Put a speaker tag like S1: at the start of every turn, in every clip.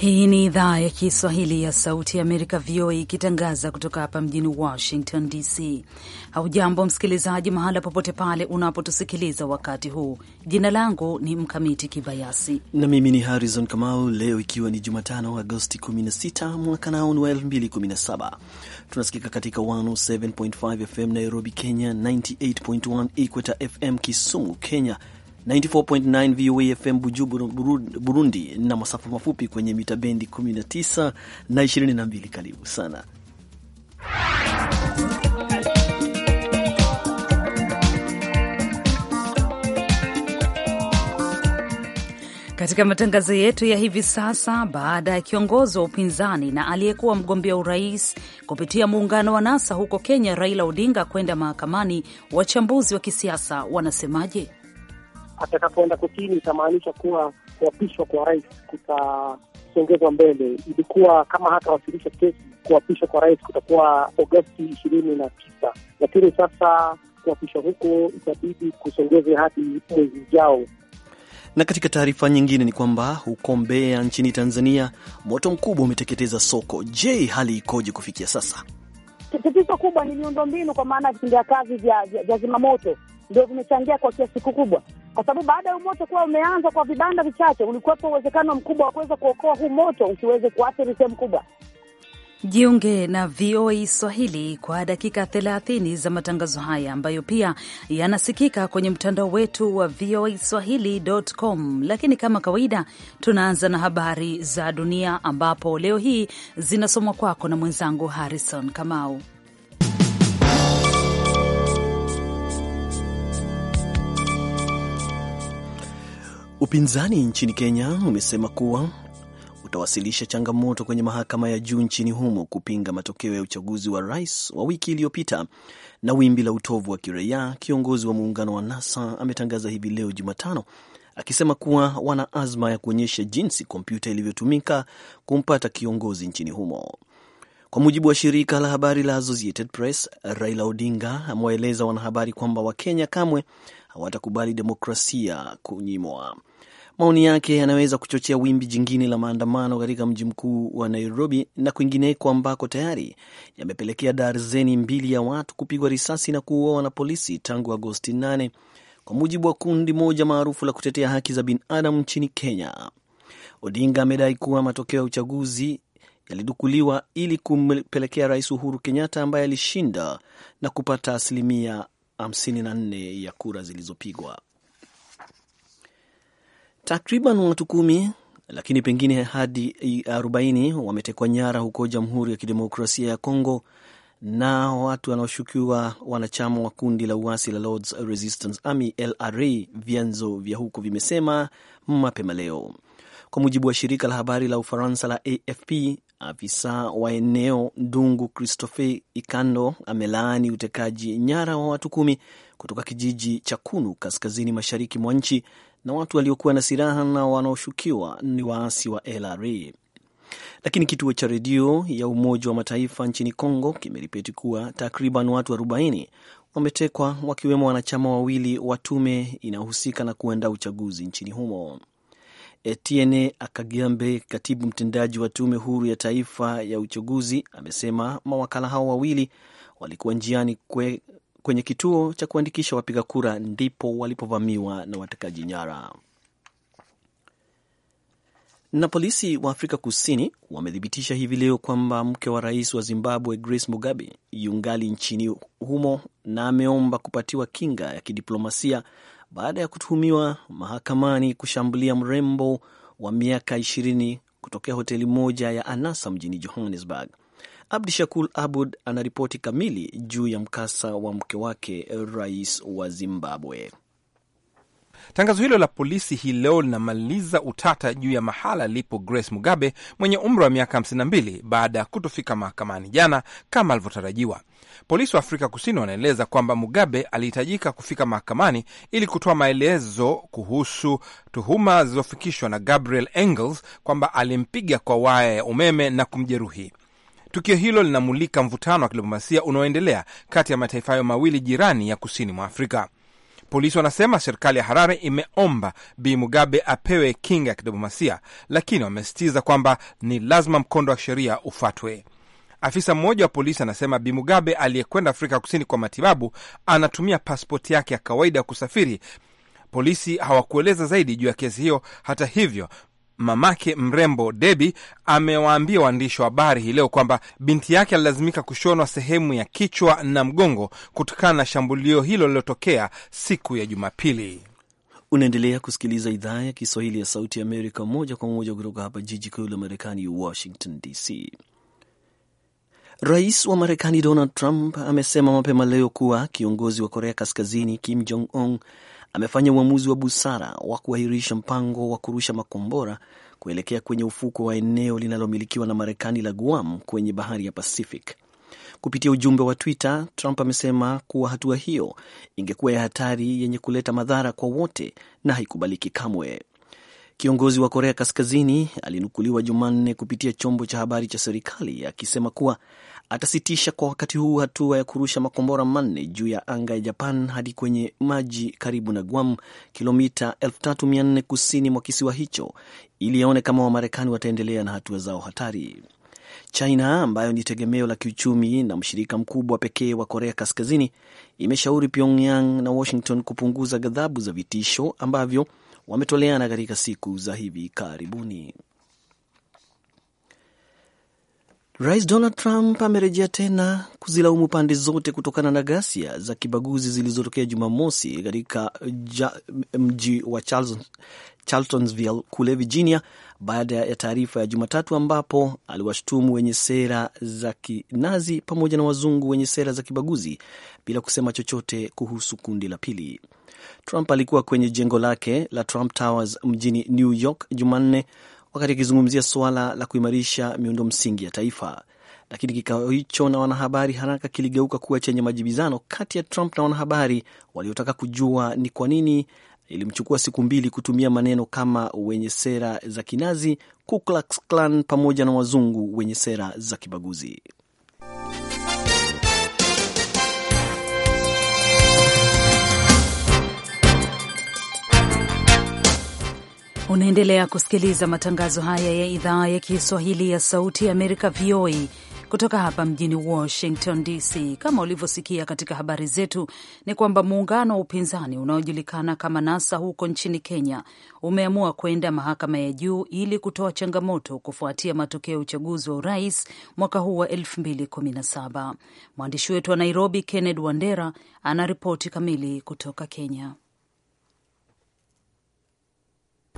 S1: Hii ni idhaa ya Kiswahili ya Sauti ya Amerika, VOA, ikitangaza kutoka hapa mjini Washington DC. Haujambo msikilizaji, mahala popote pale unapotusikiliza wakati huu. Jina langu ni Mkamiti Kibayasi
S2: na mimi ni Harrison Kamau. Leo ikiwa ni Jumatano, Agosti 16 mwaka nao ni wa 2017, tunasikika katika 107.5 FM Nairobi, Kenya, 98.1 Equator FM Kisumu, Kenya, 94.9 VOA FM Bujumbura, Burundi na masafa mafupi kwenye mita bendi 19 na 22. Karibu sana
S1: katika matangazo yetu ya hivi sasa. Baada ya kiongozi wa upinzani na aliyekuwa mgombea urais kupitia muungano wa NASA huko Kenya, Raila Odinga kwenda mahakamani, wachambuzi wa kisiasa wanasemaje?
S3: atakapoenda kotini itamaanisha kuwa kuapishwa kwa rais kutasongezwa mbele. Ilikuwa kama hatawasilisha kesi, kuapishwa kwa rais kutakuwa Agosti ishirini na tisa, lakini sasa kuapishwa huko itabidi kusongezwe hadi mwezi ujao.
S2: Na katika taarifa nyingine ni kwamba huko Mbeya nchini Tanzania moto mkubwa umeteketeza soko. Je, hali ikoje kufikia sasa?
S4: Tatizo kubwa ni miundombinu, kwa maana vitendea kazi vya zimamoto ndio vimechangia kwa kiasi kikubwa, kwa sababu baada ya moto kuwa umeanza kwa vibanda vichache, ulikuwepo uwezekano mkubwa wa kuweza kuokoa huu moto usiweze kuathiri sehemu kubwa.
S1: Jiunge na VOA Swahili kwa dakika 30 za matangazo haya ambayo pia yanasikika kwenye mtandao wetu wa VOA Swahili.com. Lakini kama kawaida, tunaanza na habari za dunia ambapo leo hii zinasomwa kwako na mwenzangu Harrison Kamau.
S2: Upinzani nchini Kenya umesema kuwa utawasilisha changamoto kwenye mahakama ya juu nchini humo kupinga matokeo ya uchaguzi wa rais wa wiki iliyopita na wimbi la utovu wa kiraia. Kiongozi wa muungano wa NASA ametangaza hivi leo Jumatano akisema kuwa wana azma ya kuonyesha jinsi kompyuta ilivyotumika kumpata kiongozi nchini humo. Kwa mujibu wa shirika la habari la Associated Press, Raila Odinga amewaeleza wanahabari kwamba Wakenya kamwe hawatakubali demokrasia kunyimwa. Maoni yake yanaweza kuchochea wimbi jingine la maandamano katika mji mkuu wa Nairobi na kwingineko ambako tayari yamepelekea darzeni mbili ya watu kupigwa risasi na kuuawa na polisi tangu Agosti 8 kwa mujibu wa kundi moja maarufu la kutetea haki za binadamu nchini Kenya. Odinga amedai kuwa matokeo ya uchaguzi yalidukuliwa ili kumpelekea Rais Uhuru Kenyatta ambaye alishinda na kupata asilimia 54 ya kura zilizopigwa. Takriban watu kumi lakini pengine hadi 40 wametekwa nyara huko Jamhuri ya Kidemokrasia ya Kongo na watu wanaoshukiwa wanachama wa kundi la uasi la Lords Resistance Army LRA, vyanzo vya huko vimesema mapema leo, kwa mujibu wa shirika la habari la Ufaransa la AFP. Afisa wa eneo Ndungu Christophe Ikando amelaani utekaji nyara wa watu kumi kutoka kijiji cha Kunu kaskazini mashariki mwa nchi na watu waliokuwa na silaha na wanaoshukiwa ni waasi wa LRA. Lakini kituo cha redio ya Umoja wa Mataifa nchini congo kimeripoti kuwa takriban watu 40 wametekwa wakiwemo wanachama wawili wa tume inayohusika na kuandaa uchaguzi nchini humo. Etienne Akagambe, katibu mtendaji wa tume huru ya taifa ya uchaguzi, amesema mawakala hao wawili walikuwa njiani kwe, kwenye kituo cha kuandikisha wapiga kura ndipo walipovamiwa na watekaji nyara. Na polisi wa Afrika Kusini wamethibitisha hivi leo kwamba mke wa rais wa Zimbabwe Grace Mugabe yungali nchini humo na ameomba kupatiwa kinga ya kidiplomasia baada ya kutuhumiwa mahakamani kushambulia mrembo wa miaka ishirini kutokea hoteli moja ya anasa mjini Johannesburg. Abdi Shakul Abud anaripoti kamili juu ya mkasa wa mke wake
S5: rais wa Zimbabwe. Tangazo hilo la polisi hii leo linamaliza utata juu ya mahala alipo Grace Mugabe mwenye umri wa miaka 52 baada ya kutofika mahakamani jana kama alivyotarajiwa. Polisi wa Afrika Kusini wanaeleza kwamba Mugabe alihitajika kufika mahakamani ili kutoa maelezo kuhusu tuhuma zilizofikishwa na Gabriel Engels kwamba alimpiga kwa waya ya umeme na kumjeruhi. Tukio hilo linamulika mvutano wa kidiplomasia unaoendelea kati ya mataifa hayo mawili jirani ya kusini mwa Afrika. Polisi wanasema serikali ya Harare imeomba Bi Mugabe apewe kinga ya kidiplomasia, lakini wamesisitiza kwamba ni lazima mkondo wa sheria ufuatwe. Afisa mmoja wa polisi anasema Bi Mugabe aliyekwenda Afrika Kusini kwa matibabu anatumia paspoti yake ya kawaida ya kusafiri. Polisi hawakueleza zaidi juu ya kesi hiyo. Hata hivyo, mamake mrembo Debi amewaambia waandishi wa habari hii leo kwamba binti yake alilazimika kushonwa sehemu ya kichwa na mgongo kutokana na shambulio hilo lililotokea siku ya Jumapili.
S2: Unaendelea kusikiliza idhaa ya Kiswahili ya Sauti ya Amerika moja kwa moja kutoka hapa jiji kuu la Marekani, Washington DC. Rais wa Marekani Donald Trump amesema mapema leo kuwa kiongozi wa Korea Kaskazini Kim Jong Un amefanya uamuzi wa busara wa kuahirisha mpango wa kurusha makombora kuelekea kwenye ufuko wa eneo linalomilikiwa na Marekani la Guam kwenye bahari ya Pacific. Kupitia ujumbe wa Twitter, Trump amesema kuwa hatua hiyo ingekuwa ya hatari yenye kuleta madhara kwa wote na haikubaliki kamwe. Kiongozi wa Korea Kaskazini alinukuliwa Jumanne kupitia chombo cha habari cha serikali akisema kuwa atasitisha kwa wakati huu hatua ya kurusha makombora manne juu ya anga ya Japan hadi kwenye maji karibu na Guam, kilomita 3400 kusini mwa kisiwa hicho, ili yaone kama Wamarekani wataendelea na hatua zao hatari. China ambayo ni tegemeo la kiuchumi na mshirika mkubwa pekee wa Korea Kaskazini imeshauri Pyongyang na Washington kupunguza ghadhabu za vitisho ambavyo wametoleana katika siku za hivi karibuni. Rais Donald Trump amerejea tena kuzilaumu pande zote kutokana na ghasia za kibaguzi zilizotokea Jumamosi katika ja, mji wa Charlottesville kule Virginia, baada ya taarifa ya Jumatatu ambapo aliwashutumu wenye sera za kinazi pamoja na wazungu wenye sera za kibaguzi bila kusema chochote kuhusu kundi la pili. Trump alikuwa kwenye jengo lake la Trump Towers mjini New York Jumanne wakati akizungumzia suala la kuimarisha miundo msingi ya taifa. Lakini kikao hicho na wanahabari haraka kiligeuka kuwa chenye majibizano kati ya Trump na wanahabari waliotaka kujua ni kwa nini ilimchukua siku mbili kutumia maneno kama wenye sera za kinazi, Ku Klux Klan pamoja na wazungu wenye sera za kibaguzi.
S1: Unaendelea kusikiliza matangazo haya ya idhaa ya Kiswahili ya Sauti ya Amerika, VOA, kutoka hapa mjini Washington DC. Kama ulivyosikia katika habari zetu, ni kwamba muungano wa upinzani unaojulikana kama NASA huko nchini Kenya umeamua kwenda mahakama ya juu ili kutoa changamoto kufuatia matokeo ya uchaguzi wa urais mwaka huu wa 2017. Mwandishi wetu wa Nairobi, Kenneth Wandera, ana ripoti kamili kutoka Kenya.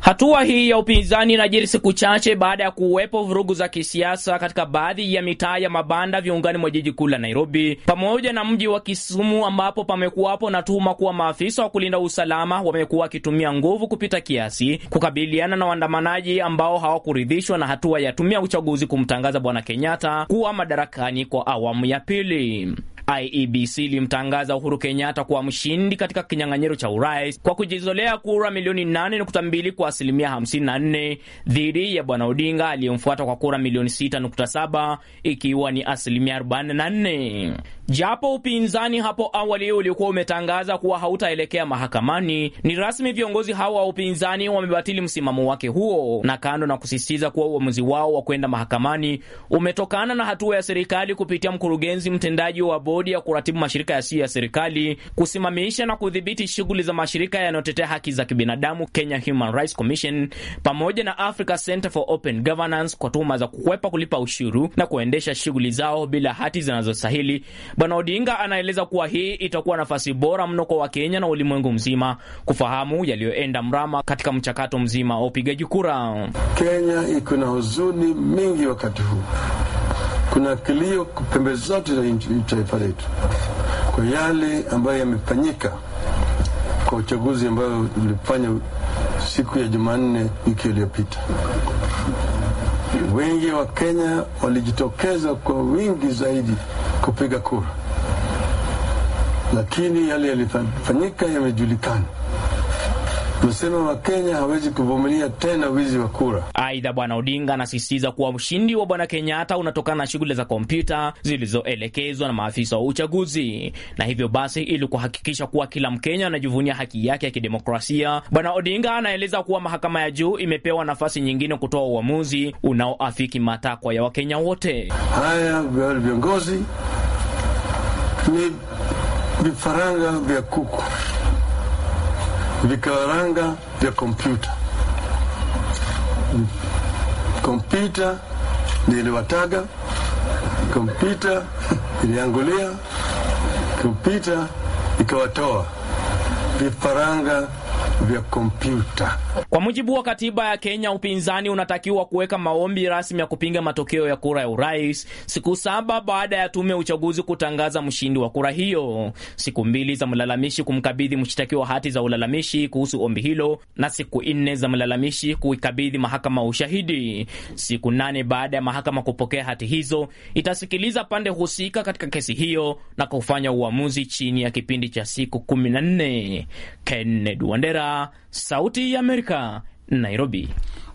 S6: Hatua hii ya upinzani inajiri siku chache baada ya kuwepo vurugu za kisiasa katika baadhi ya mitaa ya mabanda viungani mwa jiji kuu la Nairobi pamoja na mji wa Kisumu, ambapo pamekuwapo na tuhuma kuwa maafisa wa kulinda usalama wamekuwa wakitumia nguvu kupita kiasi kukabiliana na waandamanaji ambao hawakuridhishwa na hatua ya tumia uchaguzi kumtangaza Bwana Kenyatta kuwa madarakani kwa awamu ya pili. IEBC ilimtangaza Uhuru Kenyatta kuwa mshindi katika kinyang'anyiro cha urais kwa kujizolea kura milioni 8.2 kwa asilimia 54 dhidi ya Bwana Odinga aliyemfuata kwa kura milioni 6.7 ikiwa ni asilimia 44. Japo upinzani hapo awali ulikuwa umetangaza kuwa hautaelekea mahakamani, ni rasmi viongozi hawa wa upinzani wamebatili msimamo wake huo, na kando na kusisitiza kuwa uamuzi wao wa kwenda mahakamani umetokana na hatua ya serikali kupitia mkurugenzi mtendaji wa bodi bodi ya kuratibu mashirika yasiyo ya serikali kusimamisha na kudhibiti shughuli za mashirika yanayotetea haki za kibinadamu Kenya Human Rights Commission pamoja na Africa Center for Open Governance kwa tuhuma za kukwepa kulipa ushuru na kuendesha shughuli zao bila hati zinazostahili. Bwana Odinga anaeleza kuwa hii itakuwa nafasi bora mno kwa Wakenya na ulimwengu mzima kufahamu yaliyoenda mrama katika mchakato mzima wa upigaji
S5: kura. Kenya iko na huzuni mingi wakati huu kuna kilio pembe zote za taifa letu kwa yale ambayo yamefanyika kwa uchaguzi ambayo ulifanya siku ya Jumanne wiki iliyopita. Wengi wa Kenya walijitokeza kwa wingi zaidi kupiga kura, lakini yale yalifanyika yamejulikana tuseme Wakenya hawezi kuvumilia
S6: tena wizi wa kura. Aidha, Bwana Odinga anasisitiza kuwa ushindi wa Bwana Kenyatta unatokana na shughuli za kompyuta zilizoelekezwa na maafisa wa uchaguzi, na hivyo basi, ili kuhakikisha kuwa kila Mkenya anajivunia haki yake ya kidemokrasia, Bwana Odinga anaeleza kuwa mahakama ya juu imepewa nafasi nyingine kutoa uamuzi unaoafiki matakwa ya Wakenya wote.
S5: Haya viongozi ni vifaranga vya kuku vikaranga vya kompyuta. Kompyuta niliwataga, kompyuta iliangulia, kompyuta ikawatoa vifaranga vya kompyuta.
S6: Kwa mujibu wa katiba ya Kenya, upinzani unatakiwa kuweka maombi rasmi ya kupinga matokeo ya kura ya urais siku saba baada ya tume ya uchaguzi kutangaza mshindi wa kura hiyo, siku mbili za mlalamishi kumkabidhi mshtakiwa hati za ulalamishi kuhusu ombi hilo, na siku nne za mlalamishi kuikabidhi mahakama ushahidi. Siku nane baada ya mahakama kupokea hati hizo, itasikiliza pande husika katika kesi hiyo na kufanya uamuzi chini ya kipindi cha siku 14. Kennedy Wandera, Sauti ya Amerika. Amerika, Nairobi.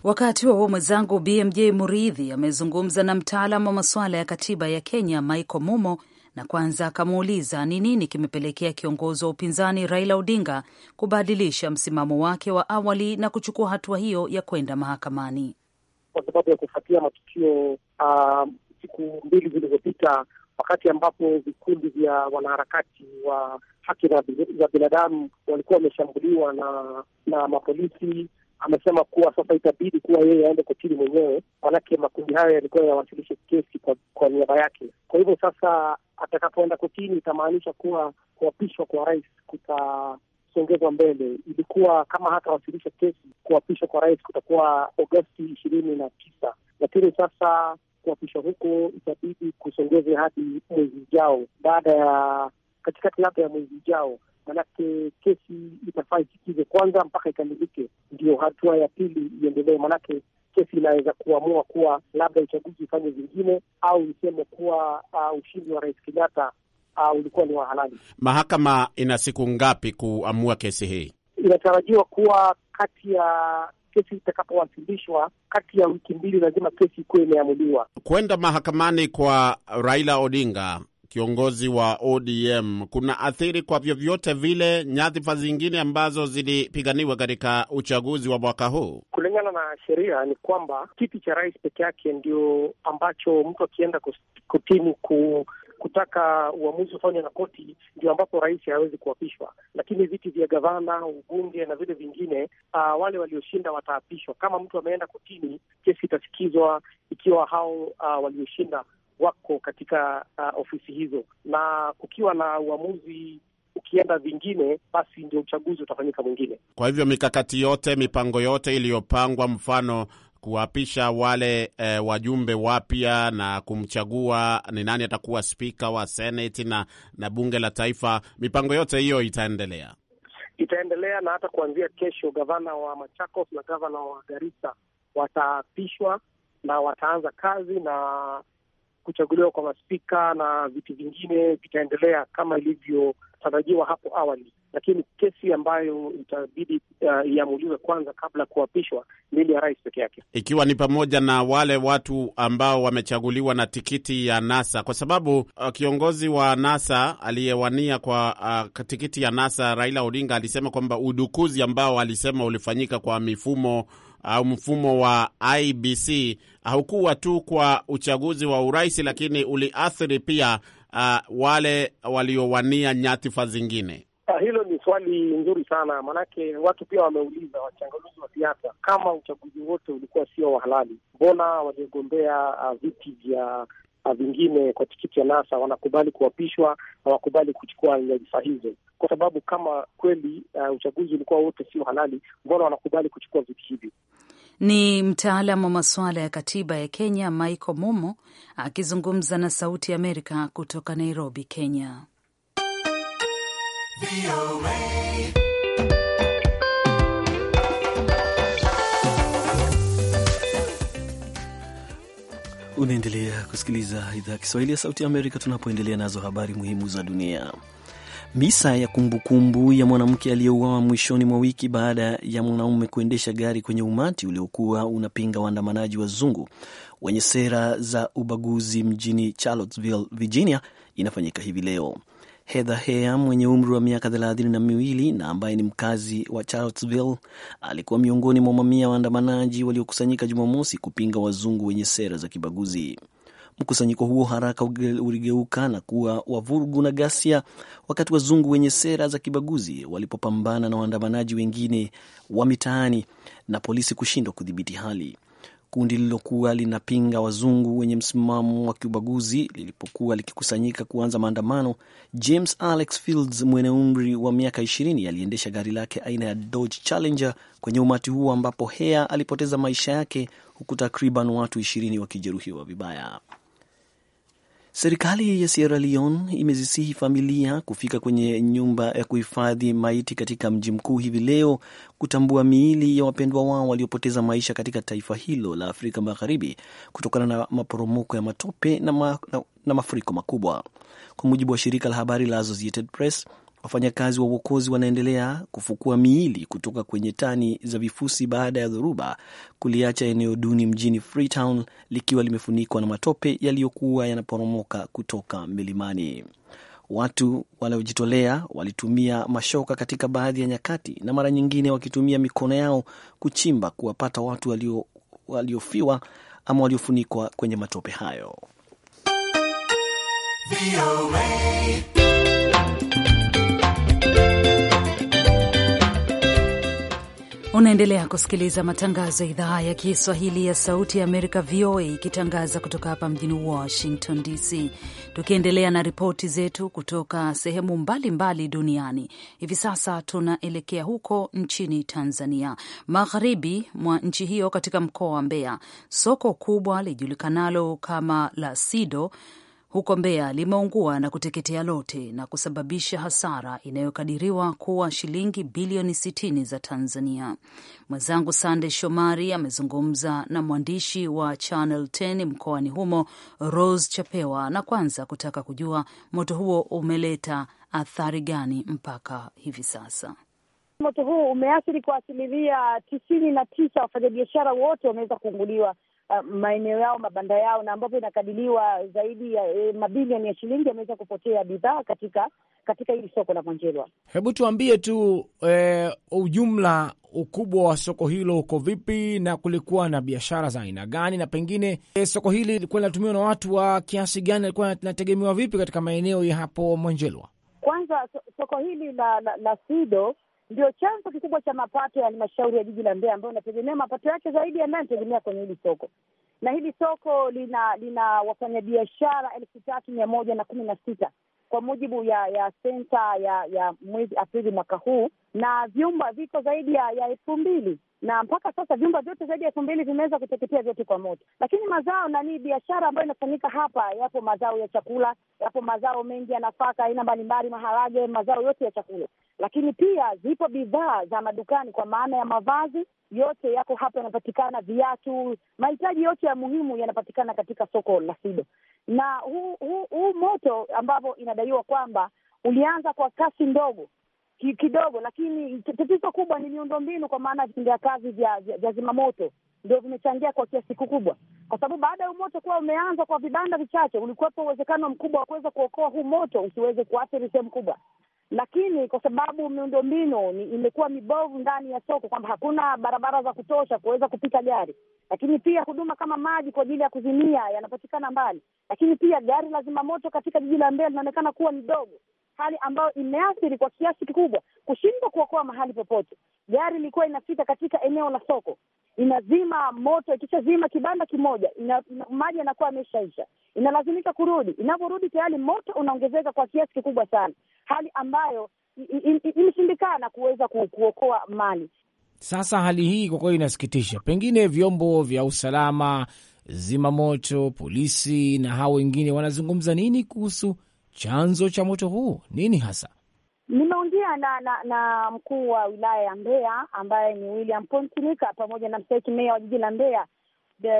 S1: Wakati wa huo mwenzangu BMJ Muridhi amezungumza na mtaalam wa masuala ya katiba ya Kenya Michael Mumo, na kwanza akamuuliza ni nini kimepelekea kiongozi wa upinzani Raila Odinga kubadilisha msimamo wake wa awali na kuchukua hatua hiyo ya kwenda mahakamani
S3: kwa sababu ya kufuatia matukio ah, siku mbili zilizopita wakati ambapo vikundi vya wanaharakati wa haki za binadamu walikuwa wameshambuliwa na na mapolisi. Amesema kuwa sasa itabidi kuwa yeye aende kotini mwenyewe, manake makundi hayo yalikuwa yawasilishe kesi kwa, kwa niaba yake. Kwa hivyo sasa atakapoenda kotini itamaanisha kuwa kuapishwa kwa rais kutasongezwa mbele. Ilikuwa kama hatawasilisha kesi, kuapishwa kwa rais kutakuwa Agosti ishirini na tisa, lakini sasa kuapishwa huko itabidi kusongeze hadi mwezi ujao, baada ya katikati labda ya mwezi ujao, manake kesi itafaa isikize kwanza mpaka ikamilike, ndio hatua ya pili iendelee, manake kesi inaweza kuamua kuwa labda uchaguzi ufanye zingine au iseme kuwa uh, ushindi wa Rais Kenyatta uh, ulikuwa ni wa halali.
S7: Mahakama ina siku ngapi kuamua kesi hii?
S3: Inatarajiwa kuwa kati ya kesi itakapowasilishwa kati ya wiki mbili, lazima kesi ikuwa imeamuliwa
S7: kwenda mahakamani. Kwa Raila Odinga, kiongozi wa ODM, kuna athiri kwa vyovyote vile nyadhifa zingine ambazo zilipiganiwa katika uchaguzi wa mwaka huu?
S3: Kulingana na sheria ni kwamba kiti cha rais peke yake ndio ambacho mtu akienda kotini ku kutaka uamuzi ufanywe na koti, ndio ambapo rais hawezi kuapishwa. Lakini viti vya gavana, ubunge na vile vingine, uh, wale walioshinda wataapishwa. Kama mtu ameenda kotini, kesi itasikizwa ikiwa hao uh, walioshinda wako katika uh, ofisi hizo, na kukiwa na uamuzi ukienda vingine, basi ndio uchaguzi utafanyika mwingine.
S7: Kwa hivyo mikakati yote, mipango yote iliyopangwa, mfano kuwapisha wale e, wajumbe wapya na kumchagua ni nani atakuwa spika wa seneti na, na bunge la taifa. Mipango yote hiyo itaendelea
S3: itaendelea, na hata kuanzia kesho gavana wa Machakos na gavana wa Garissa wataapishwa na wataanza kazi na kuchaguliwa kwa maspika na viti vingine vitaendelea kama ilivyo kutarajiwa hapo awali, lakini kesi ambayo itabidi uh, iamuliwe kwanza kabla ya kuapishwa ni ile ya rais peke yake,
S7: ikiwa ni pamoja na wale watu ambao wamechaguliwa na tikiti ya NASA, kwa sababu uh, kiongozi wa NASA aliyewania kwa uh, tikiti ya NASA Raila Odinga alisema kwamba udukuzi ambao alisema ulifanyika kwa mifumo au mfumo wa IBC haukuwa tu kwa uchaguzi wa urais, lakini uliathiri pia uh, wale waliowania nyadhifa zingine?
S3: Ah, hilo ni swali nzuri sana maanake, watu pia wameuliza, wachanganuzi wa siasa, kama uchaguzi wote ulikuwa sio wa halali, mbona waliogombea uh, ah, viti vya uh, vingine kwa tikiti ya NASA wanakubali kuapishwa, hawakubali kuchukua nyadhifa hizo? Kwa sababu kama kweli uh, uchaguzi ulikuwa wote sio halali, mbona wanakubali kuchukua viti hivyo?
S1: Ni mtaalamu wa masuala ya katiba ya Kenya, Michael Mumo, akizungumza na Sauti ya Amerika kutoka Nairobi, Kenya.
S2: Unaendelea kusikiliza idhaa ya Kiswahili ya Sauti ya Amerika tunapoendelea nazo habari muhimu za dunia. Misa ya kumbukumbu ya mwanamke aliyeuawa mwishoni mwa wiki baada ya mwanaume kuendesha gari kwenye umati uliokuwa unapinga waandamanaji wazungu wenye sera za ubaguzi mjini Charlottesville, Virginia inafanyika hivi leo. Heather Heyer mwenye umri wa miaka thelathini na miwili na ambaye ni mkazi wa Charlottesville alikuwa miongoni mwa mamia waandamanaji waliokusanyika Jumamosi kupinga wazungu wenye sera za kibaguzi. Mkusanyiko huo haraka uligeuka na kuwa wavurugu na ghasia, wakati wazungu wenye sera za kibaguzi walipopambana na waandamanaji wengine wa mitaani na polisi kushindwa kudhibiti hali. Kundi lililokuwa linapinga wazungu wenye msimamo wa kiubaguzi lilipokuwa likikusanyika kuanza maandamano, James Alex Fields mwenye umri wa miaka ishirini aliendesha gari lake aina ya Dodge Challenger kwenye umati huo ambapo Hea alipoteza maisha yake huku takriban watu ishirini wakijeruhiwa vibaya. Serikali ya Sierra Leone imezisihi familia kufika kwenye nyumba ya kuhifadhi maiti katika mji mkuu hivi leo kutambua miili ya wapendwa wao waliopoteza maisha katika taifa hilo la Afrika Magharibi kutokana na maporomoko ya matope na, ma, na, na mafuriko makubwa. Kwa mujibu wa shirika la habari la Associated Press, Wafanyakazi wa uokozi wanaendelea kufukua miili kutoka kwenye tani za vifusi baada ya dhoruba kuliacha eneo duni mjini Freetown likiwa limefunikwa na matope yaliyokuwa yanaporomoka kutoka milimani. Watu waliojitolea walitumia mashoka katika baadhi ya nyakati na mara nyingine wakitumia mikono yao kuchimba kuwapata watu walio, waliofiwa ama waliofunikwa kwenye matope hayo.
S1: Unaendelea kusikiliza matangazo ya idhaa ya Kiswahili ya Sauti ya Amerika, VOA, ikitangaza kutoka hapa mjini Washington DC. Tukiendelea na ripoti zetu kutoka sehemu mbalimbali mbali duniani, hivi sasa tunaelekea huko nchini Tanzania, magharibi mwa nchi hiyo, katika mkoa wa Mbeya, soko kubwa lijulikanalo kama la Sido huko Mbeya limeungua na kuteketea lote na kusababisha hasara inayokadiriwa kuwa shilingi bilioni 60 za Tanzania. Mwenzangu Sande Shomari amezungumza na mwandishi wa Channel 10 mkoani humo Rose Chapewa, na kwanza kutaka kujua moto huo umeleta athari gani mpaka hivi sasa.
S4: Moto huu umeathiri kwa asilimia tisini na tisa wafanyabiashara wote wameweza kuunguliwa uh, maeneo yao, mabanda yao, na ambapo inakadiliwa zaidi ya e, mabilioni ya shilingi yameweza kupotea bidhaa katika katika hili soko la Mwanjelwa.
S8: Hebu tuambie tu e, ujumla ukubwa wa soko hilo uko vipi, na kulikuwa na biashara za aina gani, na pengine e, soko hili lilikuwa linatumiwa na watu wa kiasi gani, alikuwa linategemewa vipi katika maeneo ya hapo Mwanjelwa?
S4: Kwanza so, soko hili la, la, la Sido ndio chanzo kikubwa cha mapato ya halmashauri ya jiji la Mbeya, ambayo inategemea mapato yake zaidi yanayotegemea kwenye hili soko, na hili soko lina lina wafanyabiashara elfu tatu mia moja na kumi na sita kwa mujibu ya ya sensa ya ya mwezi Aprili mwaka huu, na vyumba viko zaidi ya elfu mbili na mpaka sasa vyumba vyote zaidi ya elfu mbili vimeweza kuteketea vyote kwa moto. Lakini mazao nani, biashara ambayo inafanyika hapa, yapo mazao ya chakula, yapo mazao mengi ya nafaka aina mbalimbali, maharage, mazao yote ya chakula, lakini pia zipo bidhaa za madukani kwa maana ya mavazi yote yako hapa yanapatikana, viatu, mahitaji yote ya muhimu yanapatikana katika soko la Sido. Na huu hu, hu moto ambapo inadaiwa kwamba ulianza kwa kasi ndogo kidogo, lakini tatizo kubwa ni miundombinu, kwa maana vitendea kazi vya, vya, vya zimamoto ndio vimechangia kwa kiasi kikubwa, kwa sababu baada ya umoto kuwa umeanza kwa vibanda vichache, ulikuwepo uwezekano mkubwa wa kuweza kuokoa huu moto usiweze kuathiri sehemu kubwa, lakini kwa sababu miundombinu imekuwa mibovu ndani ya soko, kwamba hakuna barabara za kutosha kuweza kupita gari, lakini pia huduma kama maji kwa ajili ya kuzimia yanapatikana mbali, lakini pia gari la zimamoto katika jiji la Mbeya linaonekana kuwa ni dogo hali ambayo imeathiri kwa kiasi kikubwa kushindwa kuokoa mahali popote. Gari ilikuwa inapita katika eneo la soko, inazima moto. Ikishazima kibanda kimoja, maji yanakuwa ameshaisha, inalazimika kurudi. inavyorudi tayari moto unaongezeka kwa kiasi kikubwa sana, hali ambayo ilishindikana kuweza kuokoa mali.
S8: Sasa hali hii kwa kweli inasikitisha. Pengine vyombo vya usalama, zimamoto, polisi na hao wengine wanazungumza nini kuhusu Chanzo cha moto huu nini hasa?
S4: Nimeongea na, na na mkuu wa wilaya ya Mbeya ambaye ni William Pontinika pamoja na mstahiki meya wa jiji la Mbeya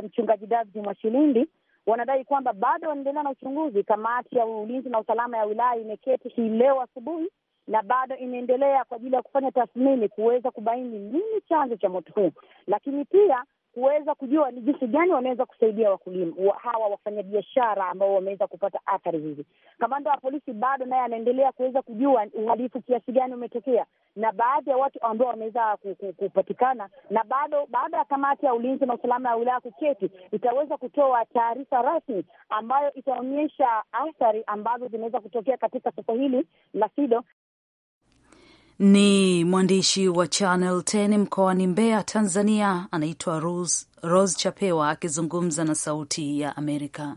S4: mchungaji David Mwashilindi wanadai kwamba bado wanaendelea na uchunguzi. Kamati ya ulinzi na usalama ya wilaya imeketi hii leo asubuhi na bado inaendelea kwa ajili ya kufanya tathmini kuweza kubaini nini chanzo cha moto huu, lakini pia kuweza kujua ni jinsi gani wanaweza kusaidia wakulima hawa wafanyabiashara ambao wameweza kupata athari hizi. Kamanda wa polisi bado naye anaendelea kuweza kujua uhalifu kiasi gani umetokea na baadhi ya watu ambao wameweza kupatikana, na bado baada ya kamati ya ulinzi na usalama ya wilaya kuketi, itaweza kutoa taarifa rasmi ambayo itaonyesha athari ambazo zinaweza kutokea katika soko hili la Sido
S1: ni mwandishi wa Channel 10 mkoani Mbeya, Tanzania, anaitwa Rose, Rose Chapewa akizungumza na Sauti ya Amerika.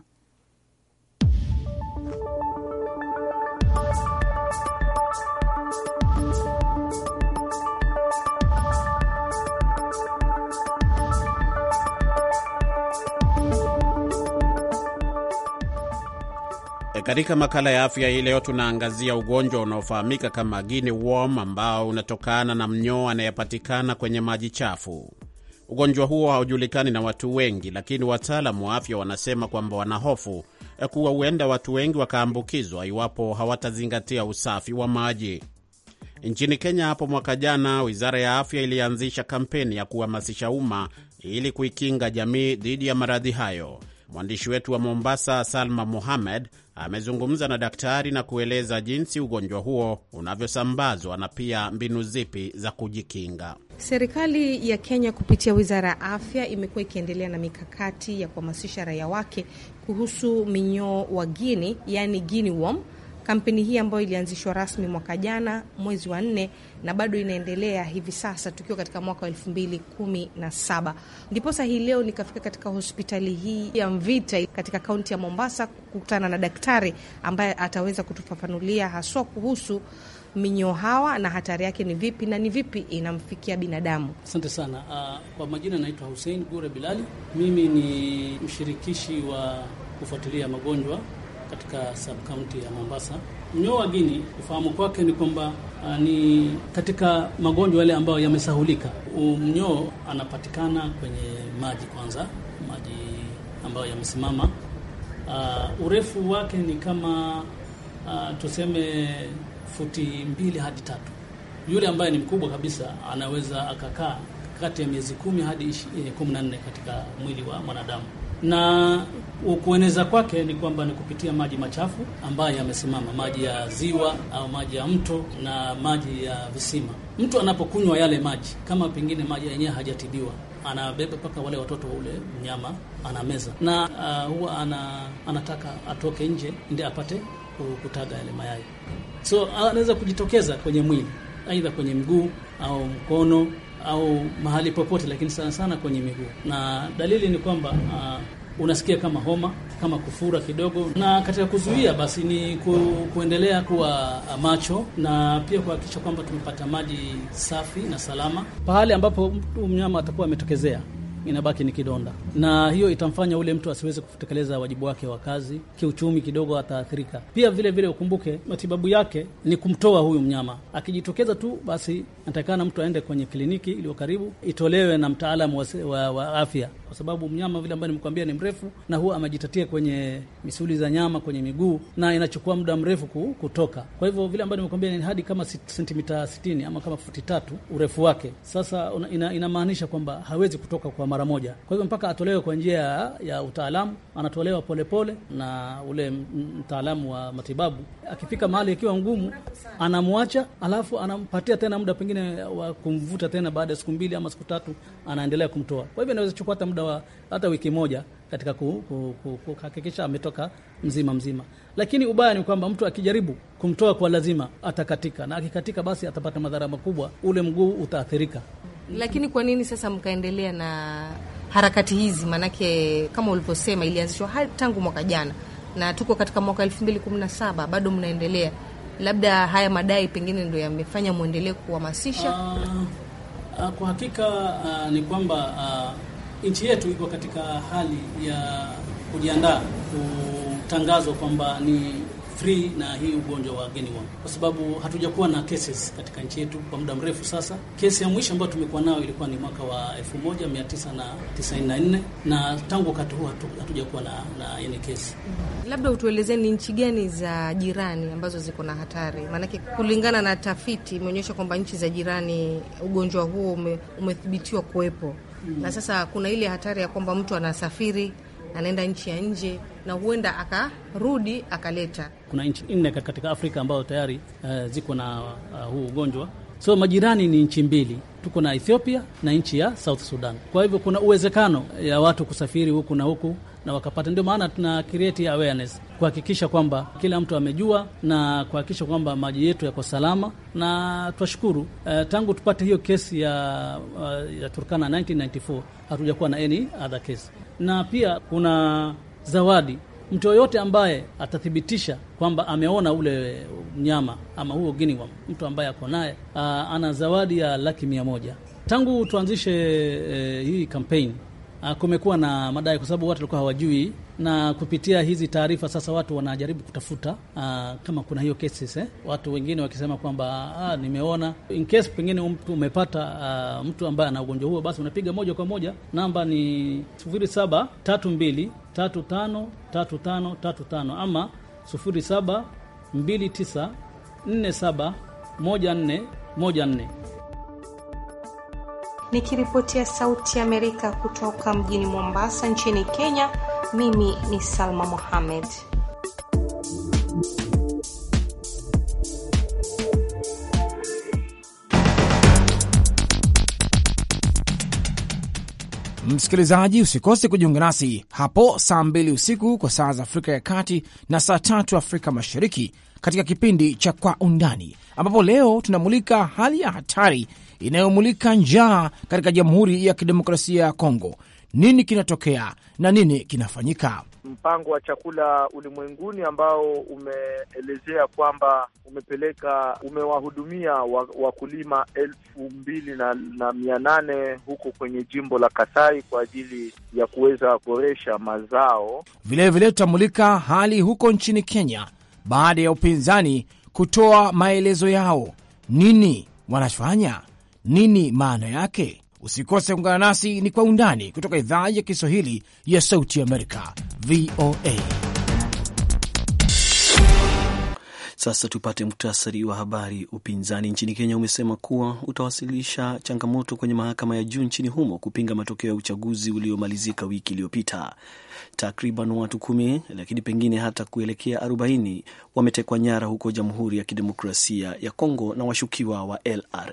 S7: Katika makala ya afya hii leo tunaangazia ugonjwa unaofahamika kama guinea worm ambao unatokana na mnyoo anayepatikana kwenye maji chafu. Ugonjwa huo haujulikani na watu wengi, lakini wataalamu wa afya wanasema kwamba wanahofu eh, kuwa huenda watu wengi wakaambukizwa iwapo hawatazingatia usafi wa maji. Nchini Kenya hapo mwaka jana, wizara ya afya ilianzisha kampeni ya kuhamasisha umma ili kuikinga jamii dhidi ya maradhi hayo. Mwandishi wetu wa Mombasa, Salma Mohamed, amezungumza na daktari na kueleza jinsi ugonjwa huo unavyosambazwa na pia mbinu zipi za kujikinga.
S9: Serikali ya Kenya kupitia wizara ya afya imekuwa ikiendelea na mikakati ya kuhamasisha raia wake kuhusu minyoo wa gini yani gini worm Kampeni hii ambayo ilianzishwa rasmi mwaka jana mwezi wa nne na bado inaendelea hivi sasa tukiwa katika mwaka wa elfu mbili kumi na saba ndiposa hii leo nikafika katika hospitali hii ya Mvita katika kaunti ya Mombasa kukutana na daktari ambaye ataweza kutufafanulia haswa kuhusu minyoo hawa na hatari yake ni vipi na ni vipi inamfikia binadamu. Asante
S10: sana. Uh, kwa majina naitwa Hussein Gure Bilali, mimi ni mshirikishi wa kufuatilia magonjwa katika county ya Mombasa. Mnyoo wa gini ufahamu kwake ni kwamba ah, ni katika magonjwa yale ambayo yamesahulika. Mnyoo anapatikana kwenye maji kwanza, maji ambayo yamesimama. Uh, urefu wake ni kama uh, tuseme futi mbili hadi tatu. Yule ambaye ni mkubwa kabisa anaweza akakaa kati ya miezi kumi hadi eh, kumi na nne katika mwili wa mwanadamu na kueneza kwake ni kwamba ni kupitia maji machafu ambayo yamesimama, maji ya ziwa au maji ya mto na maji ya visima. Mtu anapokunywa yale maji, kama pengine maji yenyewe hajatibiwa, anabeba mpaka wale watoto wa ule mnyama anameza, na uh, huwa ana, anataka atoke nje ndi apate kutaga yale mayai, so anaweza kujitokeza kwenye mwili, aidha kwenye mguu au mkono au mahali popote, lakini sana sana kwenye miguu, na dalili ni kwamba uh, unasikia kama homa kama kufura kidogo, na katika kuzuia basi ni ku, kuendelea kuwa macho na pia kuhakikisha kwamba tumepata maji safi na salama pahali ambapo mnyama atakuwa ametokezea inabaki ni kidonda, na hiyo itamfanya ule mtu asiweze kutekeleza wajibu wake wa kazi. Kiuchumi kidogo ataathirika pia. Vile vile ukumbuke matibabu yake ni kumtoa huyu mnyama. Akijitokeza tu, basi natakana mtu aende kwenye kliniki iliyo karibu, itolewe na mtaalamu wa, wa, wa afya, kwa sababu mnyama vile ambayo nimekuambia ni mrefu na huwa amejitatia kwenye misuli za nyama kwenye miguu na inachukua muda mrefu kutoka. Kwa hivyo vile ambayo nimekwambia ni hadi kama sentimita 60 ama kama futi tatu urefu wake. Sasa inamaanisha ina kwamba hawezi kutoka kwa mara moja, kwa hivyo mpaka atolewe kwa njia ya utaalamu. Anatolewa polepole pole, na ule mtaalamu wa matibabu akifika mahali ikiwa ngumu anamwacha, alafu anampatia tena muda pengine wa kumvuta tena, baada ya siku mbili ama siku tatu anaendelea kumtoa. Kwa hivyo inaweza kuchukua hata muda wa hata wiki moja katika kuhakikisha ametoka mzima mzima. Lakini ubaya ni kwamba mtu akijaribu kumtoa kwa lazima atakatika, na akikatika, basi atapata madhara makubwa, ule mguu utaathirika.
S9: Lakini kwa nini sasa mkaendelea na harakati hizi? Maanake kama ulivyosema, ilianzishwa tangu mwaka jana na tuko katika mwaka elfu mbili kumi na saba bado mnaendelea. Labda haya madai pengine ndo yamefanya mwendelee kuhamasisha. Uh,
S10: uh, kwa hakika uh, ni kwamba uh, nchi yetu iko katika hali ya kujiandaa kutangazwa kwamba ni free na hii ugonjwa wa Guinea kwa sababu hatujakuwa na cases katika nchi yetu kwa muda mrefu sasa. Kesi ya mwisho ambayo tumekuwa nayo ilikuwa ni mwaka wa 1994 na tangu wakati huo hatu, hatujakuwa na, na yani kesi.
S9: Labda utuelezee ni nchi gani za jirani ambazo ziko na hatari, maanake kulingana na tafiti imeonyesha kwamba nchi za jirani ugonjwa huo ume, umethibitiwa kuwepo na sasa kuna ile hatari ya kwamba mtu anasafiri anaenda nchi ya nje na huenda akarudi akaleta.
S10: Kuna nchi nne katika Afrika ambazo tayari uh, ziko na uh, huu ugonjwa. So majirani ni nchi mbili, tuko na Ethiopia na nchi ya South Sudan. Kwa hivyo kuna uwezekano ya watu kusafiri huku na huku na wakapata. Ndio maana tuna create awareness kuhakikisha kwamba kila mtu amejua na kuhakikisha kwamba maji yetu yako salama, na twashukuru eh, tangu tupate hiyo kesi ya, eh, ya Turkana 1994 hatujakuwa na any other case, na pia kuna zawadi mtu yoyote ambaye atathibitisha kwamba ameona ule mnyama ama huo giniwa, mtu ambaye ako naye eh, ana zawadi ya laki mia moja. Tangu tuanzishe e, hii kampeni Ah, kumekuwa na madai kwa sababu watu walikuwa hawajui, na kupitia hizi taarifa sasa watu wanajaribu kutafuta aa, ah, kama kuna hiyo cases eh, watu wengine wakisema kwamba ah, nimeona in case pengine mtu umepata aa, mtu ambaye ana ugonjwa huo, basi unapiga moja kwa moja namba ni 0732353535 ama 0729471414
S9: nikiripotia Sauti ya Amerika kutoka mjini Mombasa nchini Kenya. Mimi ni Salma Mohamed.
S8: Msikilizaji, usikose kujiunga nasi hapo saa mbili usiku kwa saa za Afrika ya Kati na saa tatu Afrika Mashariki katika kipindi cha Kwa Undani, ambapo leo tunamulika hali ya hatari inayomulika njaa katika Jamhuri ya Kidemokrasia ya Kongo. Nini kinatokea na nini kinafanyika?
S3: mpango wa chakula ulimwenguni ambao umeelezea kwamba umepeleka umewahudumia wakulima elfu mbili na, na mia nane huko kwenye jimbo la Kasai kwa ajili ya kuweza kuboresha mazao.
S8: Vilevile tutamulika hali huko nchini Kenya baada ya upinzani kutoa maelezo yao, nini wanafanya, nini maana yake Usikose kuungana nasi ni kwa undani kutoka idhaa ya Kiswahili ya Sauti Amerika, VOA.
S2: Sasa tupate muhtasari wa habari. Upinzani nchini Kenya umesema kuwa utawasilisha changamoto kwenye mahakama ya juu nchini humo kupinga matokeo ya uchaguzi uliomalizika wiki iliyopita. Takriban watu kumi, lakini pengine hata kuelekea arobaini wametekwa nyara huko Jamhuri ya Kidemokrasia ya Kongo na washukiwa wa LRA.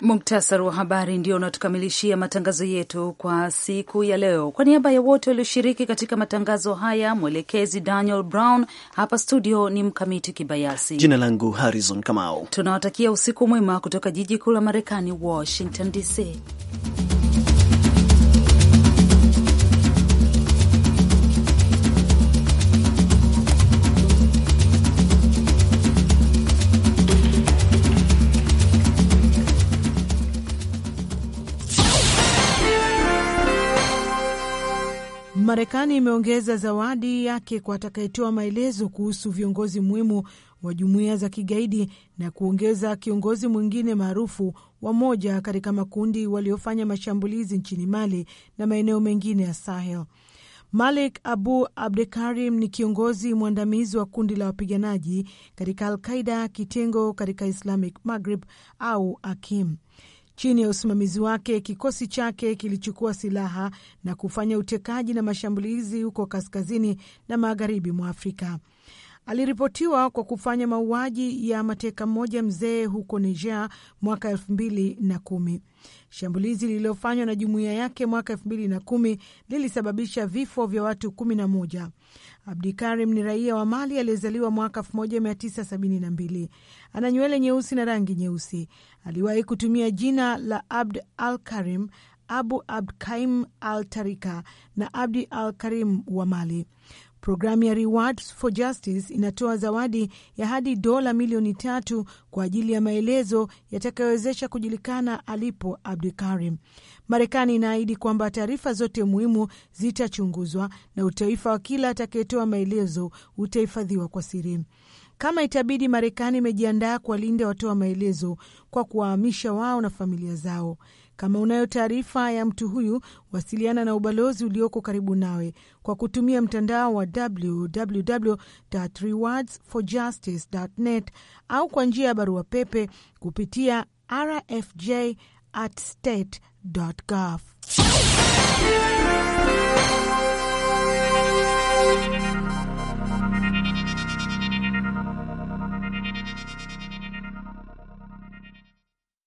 S1: Muktasari wa habari ndio unatukamilishia matangazo yetu kwa siku ya leo. Kwa niaba ya wote walioshiriki katika matangazo haya, mwelekezi Daniel Brown, hapa studio ni Mkamiti Kibayasi, jina
S2: langu Harrison Kamau.
S1: Tunawatakia usiku mwema kutoka jiji kuu la Marekani, Washington DC.
S11: Marekani imeongeza zawadi yake kwa atakayetoa maelezo kuhusu viongozi muhimu wa jumuiya za kigaidi na kuongeza kiongozi mwingine maarufu wa moja katika makundi waliofanya mashambulizi nchini Mali na maeneo mengine ya Sahel. Malik Abu Abdekarim ni kiongozi mwandamizi wa kundi la wapiganaji katika Alqaida kitengo katika Islamic Maghrib au Akim. Chini ya usimamizi wake, kikosi chake kilichukua silaha na kufanya utekaji na mashambulizi huko kaskazini na magharibi mwa Afrika. Aliripotiwa kwa kufanya mauaji ya mateka mmoja mzee huko Niger mwaka elfu mbili na kumi. Shambulizi lililofanywa na jumuiya yake mwaka elfu mbili na kumi lilisababisha vifo vya watu kumi na moja. Abdikarim ni raia wa Mali aliyezaliwa mwaka 1972. Ana nywele nyeusi na rangi nyeusi. Aliwahi kutumia jina la Abd al Karim, Abu Abd Kaim al Tarika na Abdi al Karim wa Mali. Programu ya Rewards for Justice inatoa zawadi ya hadi dola milioni tatu kwa ajili ya maelezo yatakayowezesha kujulikana alipo Abdu Karim. Marekani inaahidi kwamba taarifa zote muhimu zitachunguzwa na utaifa wa kila atakayetoa maelezo utahifadhiwa kwa siri. Kama itabidi, Marekani imejiandaa kuwalinda watoa maelezo kwa kuwahamisha wao na familia zao. Kama unayo taarifa ya mtu huyu, wasiliana na ubalozi ulioko karibu nawe kwa kutumia mtandao wa www.rewardsforjustice.net au kwa njia ya barua pepe kupitia gov